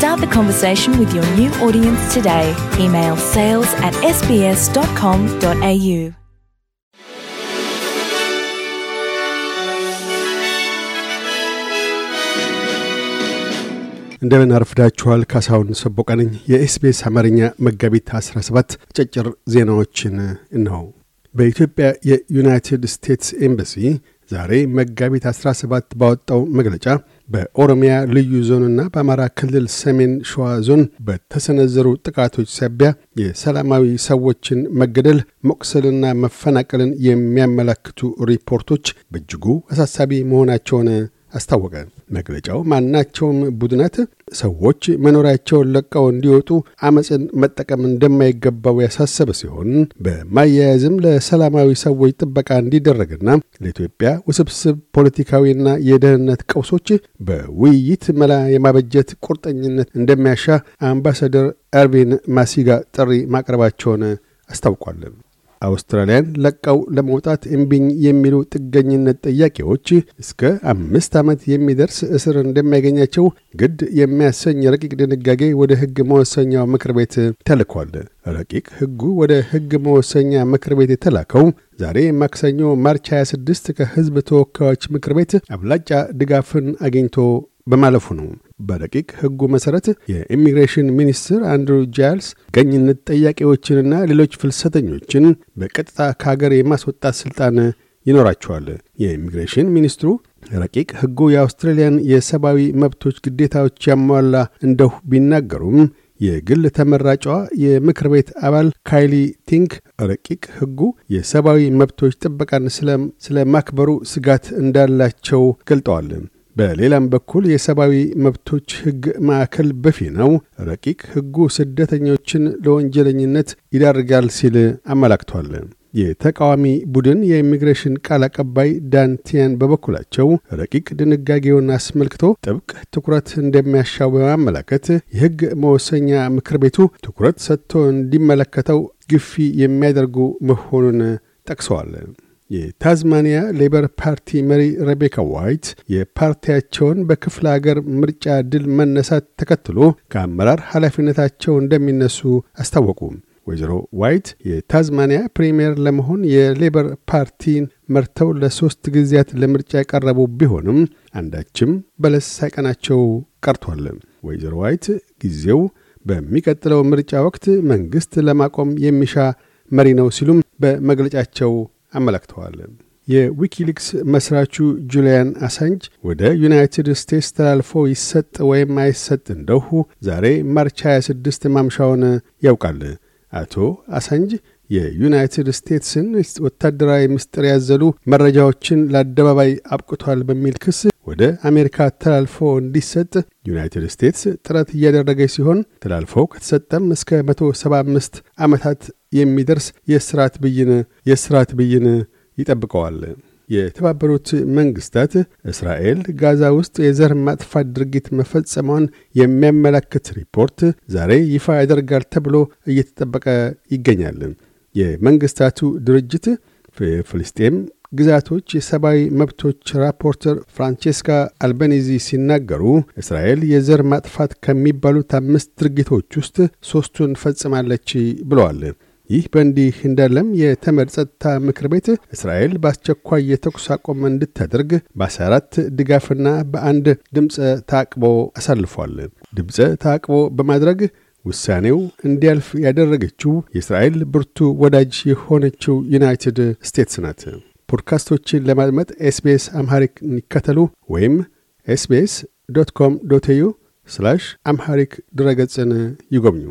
Start the conversation with your new audience today. Email sales at sbs.com.au. እንደምን አርፍዳችኋል። ካሳሁን ሰቦቃ ነኝ። የኤስቢኤስ አማርኛ መጋቢት 17 አጫጭር ዜናዎችን ነው። በኢትዮጵያ የዩናይትድ ስቴትስ ኤምባሲ ዛሬ መጋቢት 17 ባወጣው መግለጫ በኦሮሚያ ልዩ ዞንና በአማራ ክልል ሰሜን ሸዋ ዞን በተሰነዘሩ ጥቃቶች ሳቢያ የሰላማዊ ሰዎችን መገደል፣ መቁሰልና መፈናቀልን የሚያመላክቱ ሪፖርቶች በእጅጉ አሳሳቢ መሆናቸውን አስታወቀ። መግለጫው ማናቸውም ቡድናት ሰዎች መኖሪያቸውን ለቀው እንዲወጡ አመፅን መጠቀም እንደማይገባው ያሳሰበ ሲሆን በማያያዝም ለሰላማዊ ሰዎች ጥበቃ እንዲደረግና ለኢትዮጵያ ውስብስብ ፖለቲካዊና የደህንነት ቀውሶች በውይይት መላ የማበጀት ቁርጠኝነት እንደሚያሻ አምባሳደር ኤርቪን ማሲጋ ጥሪ ማቅረባቸውን አስታውቋል። አውስትራሊያን ለቀው ለመውጣት እምቢኝ የሚሉ ጥገኝነት ጥያቄዎች እስከ አምስት ዓመት የሚደርስ እስር እንደሚያገኛቸው ግድ የሚያሰኝ ረቂቅ ድንጋጌ ወደ ሕግ መወሰኛው ምክር ቤት ተልኳል። ረቂቅ ሕጉ ወደ ሕግ መወሰኛ ምክር ቤት የተላከው ዛሬ ማክሰኞ ማርች 26 ከሕዝብ ተወካዮች ምክር ቤት አብላጫ ድጋፍን አግኝቶ በማለፉ ነው። በረቂቅ ህጉ መሠረት የኢሚግሬሽን ሚኒስትር አንድሩ ጃይልስ ቀኝነት ጠያቂዎችንና ሌሎች ፍልሰተኞችን በቀጥታ ከሀገር የማስወጣት ሥልጣን ይኖራቸዋል። የኢሚግሬሽን ሚኒስትሩ ረቂቅ ህጉ የአውስትራሊያን የሰብአዊ መብቶች ግዴታዎች ያሟላ እንደሁ ቢናገሩም የግል ተመራጯ የምክር ቤት አባል ካይሊ ቲንክ ረቂቅ ህጉ የሰብአዊ መብቶች ጥበቃን ስለ ማክበሩ ስጋት እንዳላቸው ገልጠዋል። በሌላም በኩል የሰብአዊ መብቶች ሕግ ማዕከል በፊ ነው። ረቂቅ ሕጉ ስደተኞችን ለወንጀለኝነት ይዳርጋል ሲል አመላክቷል። የተቃዋሚ ቡድን የኢሚግሬሽን ቃል አቀባይ ዳንቲያን በበኩላቸው ረቂቅ ድንጋጌውን አስመልክቶ ጥብቅ ትኩረት እንደሚያሻው በማመላከት የሕግ መወሰኛ ምክር ቤቱ ትኩረት ሰጥቶ እንዲመለከተው ግፊ የሚያደርጉ መሆኑን ጠቅሰዋል። የታዝማኒያ ሌበር ፓርቲ መሪ ሬቤካ ዋይት የፓርቲያቸውን በክፍለ አገር ምርጫ ድል መነሳት ተከትሎ ከአመራር ኃላፊነታቸው እንደሚነሱ አስታወቁ። ወይዘሮ ዋይት የታዝማኒያ ፕሪምየር ለመሆን የሌበር ፓርቲን መርተው ለሦስት ጊዜያት ለምርጫ የቀረቡ ቢሆንም አንዳችም በለስ ሳይቀናቸው ቀርቷል። ወይዘሮ ዋይት ጊዜው በሚቀጥለው ምርጫ ወቅት መንግሥት ለማቆም የሚሻ መሪ ነው ሲሉም በመግለጫቸው አመላክተዋል። የዊኪሊክስ መስራቹ ጁሊያን አሳንጅ ወደ ዩናይትድ ስቴትስ ተላልፎ ይሰጥ ወይም አይሰጥ እንደሁ ዛሬ ማርች 26 ማምሻውን ያውቃል። አቶ አሳንጅ የዩናይትድ ስቴትስን ወታደራዊ ምስጢር ያዘሉ መረጃዎችን ለአደባባይ አብቅቷል በሚል ክስ ወደ አሜሪካ ተላልፎ እንዲሰጥ ዩናይትድ ስቴትስ ጥረት እያደረገች ሲሆን ተላልፎ ከተሰጠም እስከ 175 ዓመታት የሚደርስ የስራት ብይን የስራት ብይን ይጠብቀዋል። የተባበሩት መንግስታት እስራኤል ጋዛ ውስጥ የዘር ማጥፋት ድርጊት መፈጸሟን የሚያመላክት ሪፖርት ዛሬ ይፋ ያደርጋል ተብሎ እየተጠበቀ ይገኛል። የመንግስታቱ ድርጅት ፍልስጤም ግዛቶች የሰብአዊ መብቶች ራፖርተር ፍራንቼስካ አልበኒዚ ሲናገሩ እስራኤል የዘር ማጥፋት ከሚባሉት አምስት ድርጊቶች ውስጥ ሦስቱን ፈጽማለች ብለዋል። ይህ በእንዲህ እንዳለም የተመድ ጸጥታ ምክር ቤት እስራኤል በአስቸኳይ የተኩስ አቁም እንድታደርግ በ ድጋፍና በአንድ ድምፀ ታቅቦ አሳልፏል። ድምፀ ታቅቦ በማድረግ ውሳኔው እንዲያልፍ ያደረገችው የእስራኤል ብርቱ ወዳጅ የሆነችው ዩናይትድ ስቴትስ ናት። ፖድካስቶችን ለማድመጥ ኤስቤስ አምሃሪክ ይከተሉ ወይም ኤስቤስ ዶት ኮም ዶት ዩ ስላሽ አምሃሪክ ድረገጽን ይጎብኙ።